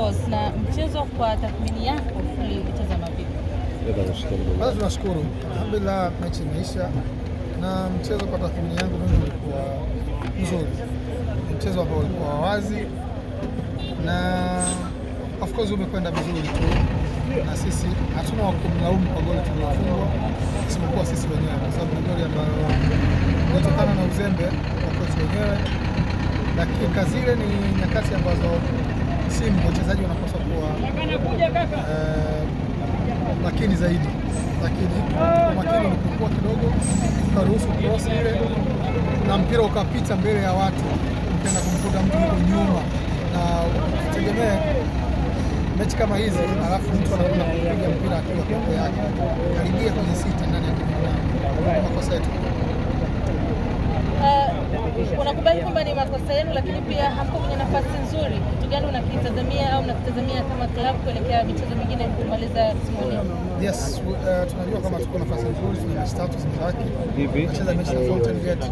course. Na mchezo kwa tathmini yako ulitazama vipi? Tunashukuru, alhamdulillah, mechi imeisha na mchezo kwa tathmini yangu mimi ulikuwa mzuri, mchezo ambao ulikuwa wazi na of course umekwenda vizuri tu, na sisi hatuna wa kumlaumu kwa goli tuliofungwa isipokuwa sisi wenyewe, kwa sababu ni goli ambayo imetokana na uzembe wa kocha wenyewe. Dakika zile ni nyakati ambazo simu wachezaji wanapaswa kuwa eh, makini zaidi, lakini makini ulipokua kidogo, ukaruhusu cross ile na mpira ukapita mbele ya watu, mpenda kumkuta mtu yuko nyuma, na tegemee mechi kama hizi, alafu mtu anakwenda kupiga mpira akiwa peke yake, karibia kwenye sita ndani ya kama makosa yetu eh, unakubali kwamba ni makosa yenu, lakini pia hamko kwenye nafasi nzuri gani unakitazamia au unakitazamia kama klabu kuelekea michezo mingine kumaliza msimu huu? Yes, uh, tunajua kama tuko nafasi nzuri, tuna status tatu zimebaki. Tunacheza mechi na Fountain Gate.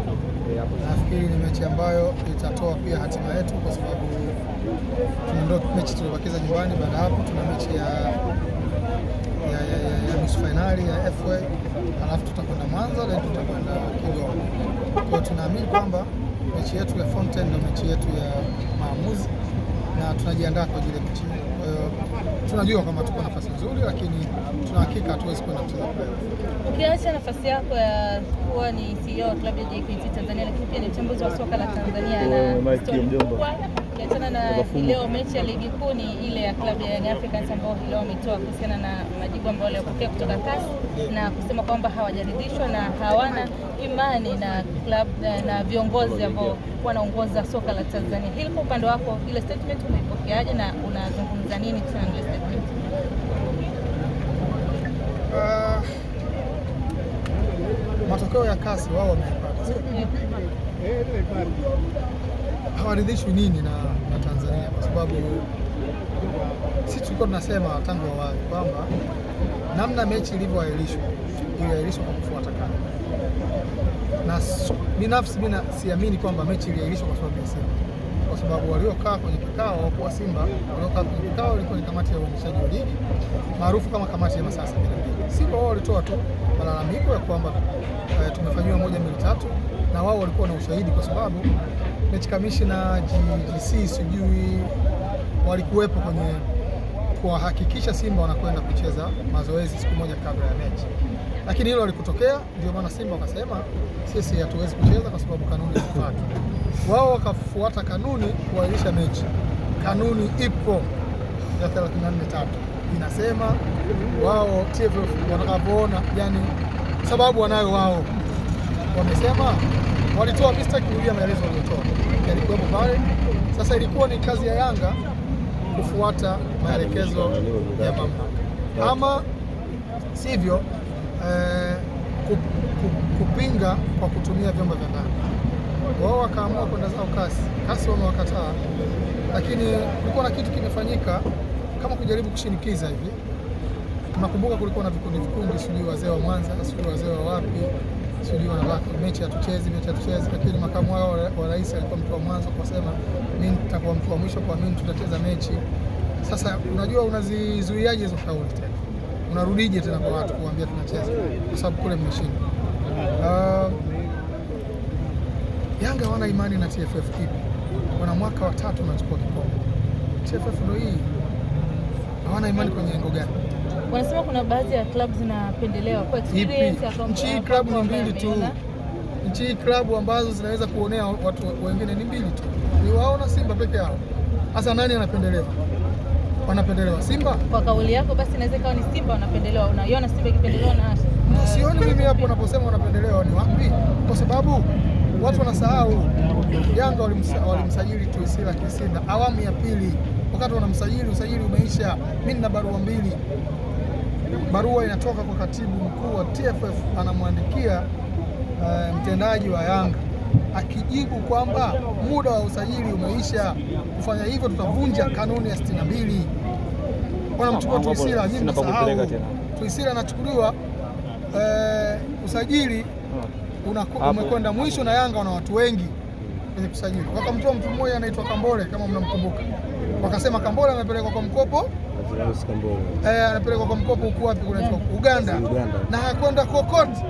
Nafikiri ni mechi ambayo itatoa pia hatima yetu, kwa sababu tuna mechi tuliobakiza nyumbani. Baada hapo tuna mechi ya ya ya ya nusu fainali ya FA, alafu tutakwenda Mwanza na tutakwenda Kigoma. Kwa tunaamini kwamba mechi yetu ya Fountain ndio mechi yetu ya maamuzi na tunajiandaa kwa ajili ya mechi. Kwa hiyo tunajua kwamba tuko nafasi nzuri, lakini tuna hakika hatuwezi kwenda kucheza playoff. Ukiacha nafasi yako ya kuwa ni CEO wa klabu ya JKT Tanzania, lakini pia ni mchambuzi wa soka la Tanzania na oh, Ukiachana na leo mechi ya ligi kuu ni ile ya klabu ya Young Africans ambao leo wametoa kuhusiana na majibu ambayo waliyopokea kutoka CAS na kusema kwamba hawajaridhishwa na hawana imani na klabu eh, na viongozi ambao wanaongoza soka la Tanzania. Hili kwa upande wako, ile statement umeipokeaje na unazungumza nini kuhusiana na ile statement? Uh, matokeo ya CAS wao wameyapata hawaridhishwi nini na, na Tanzania kwa sababu sisi tulikuwa tunasema tangu awali kwamba namna mechi ilivyoahirishwa iliahirishwa kwa kufuata kanuni, na binafsi mimi siamini kwamba mechi iliahirishwa kwa sababu ya Simba, kwa sababu waliokaa kwenye kikao kwa Simba, waliokaa kwenye kikao ilikuwa ni kamati ya uendeshaji wa ligi maarufu kama kamati ya masaa sabini na mbili. Simba wao walitoa tu malalamiko ya kwamba eh, tumefanyiwa moja mbili tatu na wao walikuwa na ushahidi, kwa sababu mechi kamishna GGC sijui walikuwepo kwenye kuwahakikisha Simba wanakwenda kucheza mazoezi siku moja kabla ya mechi, lakini hilo halikutokea. Ndio maana Simba wakasema sisi hatuwezi kucheza kwa sababu kanuni zifuatwe. Wao wakafuata kanuni kuahirisha mechi. Kanuni ipo ya 34 inasema wao TFF wanavyoona, yani sababu wanayo wao wamesema walitoa mistake kurudia maelezo waliotoa yalikuwepo pale. Sasa ilikuwa ni kazi ya Yanga kufuata maelekezo ya mamlaka, ama sivyo eh, kupinga kwa kutumia vyombo vya ndani. Wao wakaamua kwenda zao kasi kasi, wamewakataa, lakini kulikuwa na kitu kimefanyika kama kujaribu kushinikiza hivi. Nakumbuka kulikuwa na vikundi vikundi, sijui wazee wa Mwanza, sijui wazee wa wapi sijui wanawake, mechi hatuchezi, mechi hatuchezi. Lakini makamu wao wa rais alikuwa mtu wa mwanzo kusema mimi nitakuwa mtu wa mwisho, kwa mimi tutacheza mechi. Sasa unajua unazizuiaje hizo kauli tena, unarudije tena kwa watu kuambia tunacheza, kwa sababu kule mmeshinda. Uh, ah, Yanga wana imani na TFF kipi? Wana mwaka wa tatu wanachukua kikombe. TFF ndio hii, hawana imani kwenye engo gani? wanasema kuna baadhi ya klabu zinapendelewa kwa experience ya nchi hii. Klabu ni mbili tu nchi hii, klabu ambazo zinaweza kuonea watu wengine ni mbili tu, ni wao na Simba peke yao. Hasa nani anapendelewa? Wanapendelewa Simba. Kwa kauli yako basi inaweza ikawa ni Simba wanapendelewa, unaiona Simba ikipendelewa na Sioni mimi hapo unaposema wanapendelewa ni wapi, kwa sababu watu wanasahau Yanga walimsajili Tuisila Kisinda awamu ya pili wakati wanamsajili, usajili umeisha, mimi nina barua mbili. Barua inatoka kwa katibu mkuu wa TFF anamwandikia uh, mtendaji wa Yanga akijibu kwamba muda wa usajili umeisha. Kufanya hivyo tutavunja kanuni ya 62. Wanamchukua Tuisila, nyinyi mnasahau Tuisila anachukuliwa eh, usajili umekwenda mwisho na Yanga wana watu wengi kwenye kusajili, wakamtoa mtu mmoja anaitwa Kambole kama mnamkumbuka wakasema Kambola amepelekwa kwa mkopo eh, anapelekwa kwa mkopo huko wapi? Kuna Uganda, na hakwenda kokote,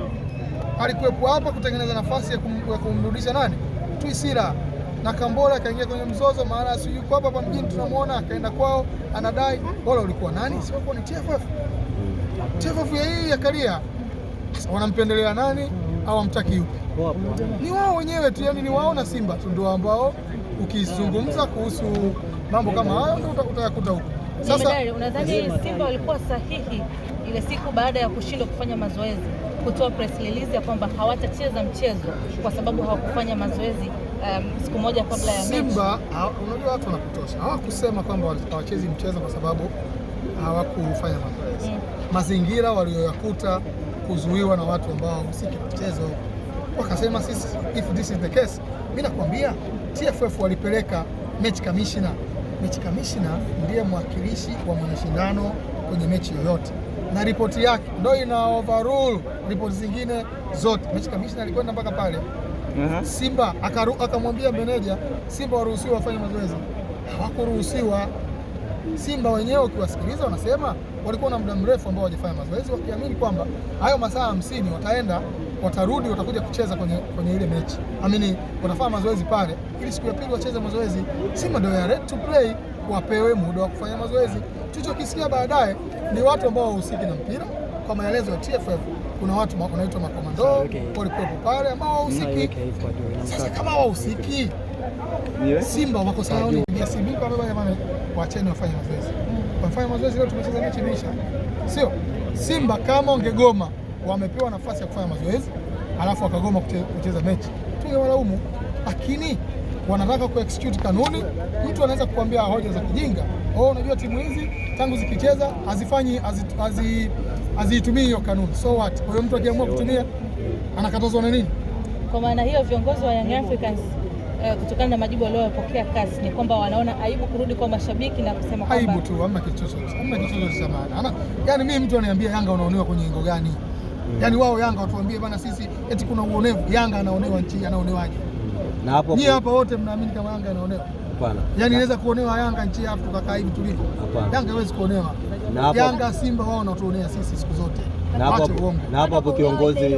alikuwepo hapa kutengeneza nafasi ya kumrudisha nani Twisira na Kambola akaingia kwenye mzozo, maana si yuko hapa mjini tunamwona akaenda kwao, anadai wala ulikuwa nani, sio ni TFF. TFF ya hii ya Karia wanampendelea nani au amtaki yupi? Ni wao wenyewe tu, yani ni wao na Simba tu ndio ambao ukizungumza kuhusu mambo kama hayo ndio utakuta huko. Sasa unadhani Simba walikuwa sahihi ile siku baada ya kushindwa kufanya mazoezi kutoa press release ya kwamba hawatacheza mchezo kwa sababu hawakufanya mazoezi um, siku moja kabla ya Simba, unajua watu wanakutosha, hawakusema kwamba hawachezi mchezo kwa sababu hawakufanya mazoezi mm. Mazingira walioyakuta kuzuiwa na watu ambao hawahusiki na mchezo wakasema sisi, if this is the case, mimi nakwambia TFF walipeleka mechi kamishna. Mechi kamishna ndiye mwakilishi wa mwanashindano kwenye mechi yoyote, na ripoti yake ndio ina overrule ripoti zingine zote. Mechi kamishna alikwenda mpaka pale uh-huh. Simba akamwambia meneja, Simba waruhusiwa wafanye mazoezi, hawakuruhusiwa. Simba wenyewe ukiwasikiliza wanasema walikuwa na muda mrefu ambao hawajafanya mazoezi, wakiamini kwamba hayo masaa hamsini wataenda watarudi watakuja kucheza kwenye, kwenye ile mechi amini, watafanya mazoezi pale ili siku ya pili wacheze mazoezi. Simba ndio ready to play, wapewe muda wa kufanya mazoezi. Tulichokisikia baadaye ni watu ambao wahusiki na mpira kwa maelezo ya TFF, kuna watu wanaitwa makomando ah, walikuwepo pale ambao wahusiki. Ah, Sasa kama wahusiki Simba wako sawa, ah, ni waacheni wafanye mazoezi. Wafanye mazoezi leo, tumecheza mechi imeisha, sio? Simba kama ungegoma, wamepewa nafasi ya kufanya mazoezi alafu wakagoma kucheza mechi, tungewalaumu, lakini wanataka ku execute kanuni. Mtu anaweza kukuambia hoja za kijinga, oh, unajua timu hizi tangu zikicheza hazifanyi haziitumii hiyo kanuni, so what? Kwa hiyo mtu akiamua kutumia anakatazwa na nini? Kwa maana hiyo viongozi wa Young Africans eh, kutokana na majibu waliyopokea CAS ni kwamba wanaona aibu kurudi kwa mashabiki na kusema kwamba aibu tu, hamna kitu chochote, hamna kitu chochote cha maana. yani mimi mtu ananiambia Yanga unaonewa kwenye engo gani? Mm. Yani wao Yanga watuambie bana sisi eti kuna uonevu. Yanga anaonewa nchi anaonewaje? Na hapo hapo. hapa wote mnaamini kama Yanga anaonewa? Hapana. Yani inaweza kuonewa Yanga nchi ya Afrika kaka hivi tulivyo. Hapana. Yanga haiwezi kuonewa. Na hapo Yanga Simba wao wanatuonea sisi siku zote. Na hapo na hapo kiongozi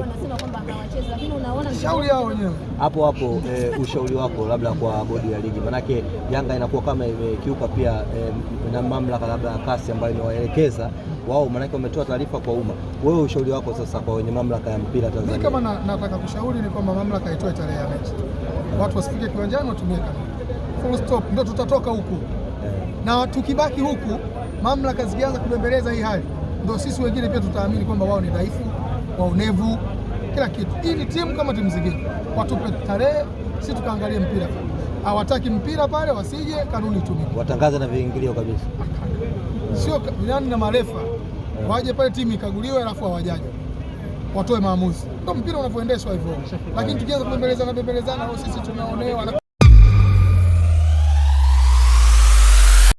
shauri yao wenyewe hapo hapo. E, ushauri wako labda kwa bodi ya ligi, manake Yanga inakuwa kama imekiuka pia e, na mamlaka labda kasi ambayo imewaelekeza wao, manake wametoa taarifa kwa umma. Wewe ushauri wako sasa kwa wenye mamlaka ya mpira Tanzania? Mimi kama nataka kushauri ni kwamba mamlaka itoe tarehe ya mechi, watu wasifike kiwanjani, watumie kanuni, full stop, ndio tutatoka huku eh. Na tukibaki huku, mamlaka zikianza kubembeleza hii hali, ndio sisi wengine pia tutaamini kwamba wao ni dhaifu, waonevu kila kitu. Hii ni timu kama timu zingine, watupe tarehe, si tukaangalie mpira. Hawataki mpira pale, wasije, kanuni itumike, watangaza na viingilio kabisa, sio nani na marefa eh. waje pale timu ikaguliwe, alafu hawajaje watoe maamuzi. Ndio mpira unavyoendeshwa hivyo, eh. lakini tukianza kubembelezana bembelezana, sisi tunaonewa.